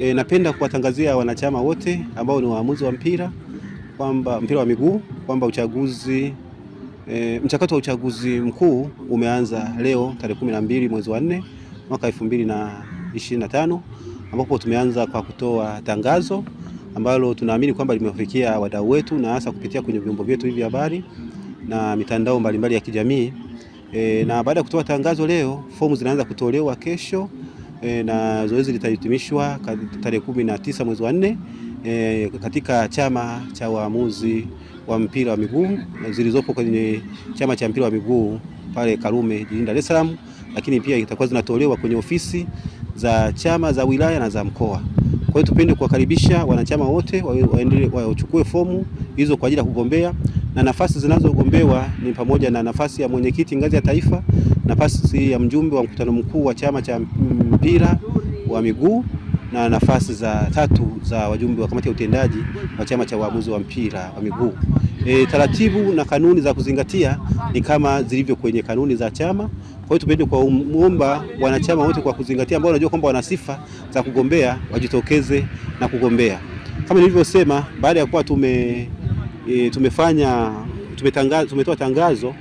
E, napenda kuwatangazia wanachama wote ambao ni waamuzi wa mpira kwamba mpira wa miguu kwamba uchaguzi e, mchakato wa uchaguzi mkuu umeanza leo tarehe mbili mwezi wa nne mwaka tano ambapo tumeanza kwa kutoa tangazo ambalo tunaamini kwamba limewafikia wadau wetu na hasa kupitia kwenye vyombo vyetu hivi habari na mitandao mbalimbali mbali ya kijamii. E, na baada ya kutoa tangazo leo, fomu zinaanza kutolewa kesho e, na zoezi litahitimishwa tarehe kumi na tisa mwezi wa nne e, katika chama cha waamuzi wa mpira wa miguu zilizopo kwenye chama cha mpira wa miguu pale Karume jijini Dar es Salaam, lakini pia itakuwa zinatolewa kwenye ofisi za chama za wilaya na za mkoa. Kwa hiyo tupende kuwakaribisha wanachama wote waendelee wachukue fomu hizo kwa ajili ya kugombea na nafasi zinazogombewa ni pamoja na nafasi ya mwenyekiti ngazi ya taifa, nafasi ya mjumbe wa mkutano mkuu wa chama cha mpira wa miguu na nafasi za tatu za wajumbe wa kamati ya utendaji wa chama cha waamuzi wa mpira wa miguu. E, taratibu na kanuni za kuzingatia ni kama zilivyo kwenye kanuni za chama. Kwa hiyo tupende kuwaomba wanachama wote kwa kuzingatia, ambao wanajua kwamba wana sifa za kugombea wajitokeze na kugombea. Kama nilivyosema, baada ya kuwa tume e, tumefanya tumetangaza, tumetoa tangazo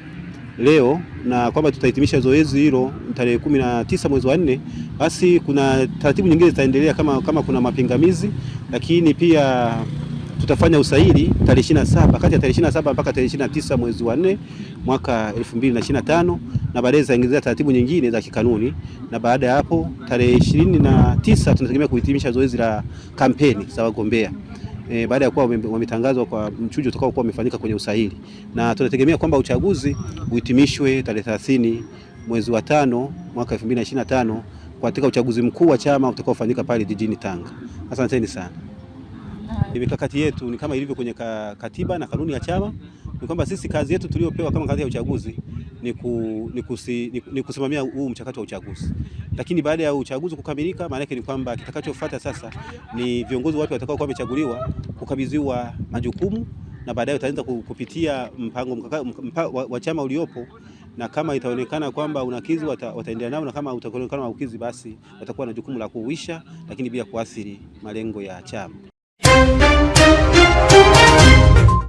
leo na kwamba tutahitimisha zoezi hilo tarehe kumi na tisa mwezi wa nne. Basi kuna taratibu nyingine zitaendelea kama, kama kuna mapingamizi, lakini pia tutafanya usaili tarehe 27 kati ya tarehe 27 mpaka tarehe 29 mwezi wa nne mwaka 2025 na baadaye zitaongezea taratibu nyingine za kikanuni, na baada ya hapo tarehe 29 tunategemea kuhitimisha zoezi la kampeni za wagombea e, baada ya kuwa wametangazwa kwa mchujo utakao kuwa umefanyika kwenye usahili, na tunategemea kwamba uchaguzi uhitimishwe tarehe 30 mwezi wa tano mwaka 2025 katika uchaguzi mkuu wa chama utakaofanyika pale jijini Tanga. Asanteni sana. Mikakati yetu ni kama ilivyo kwenye katiba na kanuni ya chama, ni kwamba sisi kazi yetu tuliopewa kama kazi ya uchaguzi ni, ku, ni, kusi, ni, ni kusimamia huu mchakato wa uchaguzi. Lakini baada ya uchaguzi kukamilika, maana yake ni kwamba kitakachofuata sasa ni viongozi wapya watakao kuwa wamechaguliwa kukabidhiwa majukumu na baadaye utaanza kupitia mpango mkaka, mpa, wa, wa chama uliopo na kama itaonekana kwamba unakizi wata, wataendelea nao, na kama utaonekana haukizi, basi watakuwa na jukumu la kuuisha, lakini bila kuathiri malengo ya chama.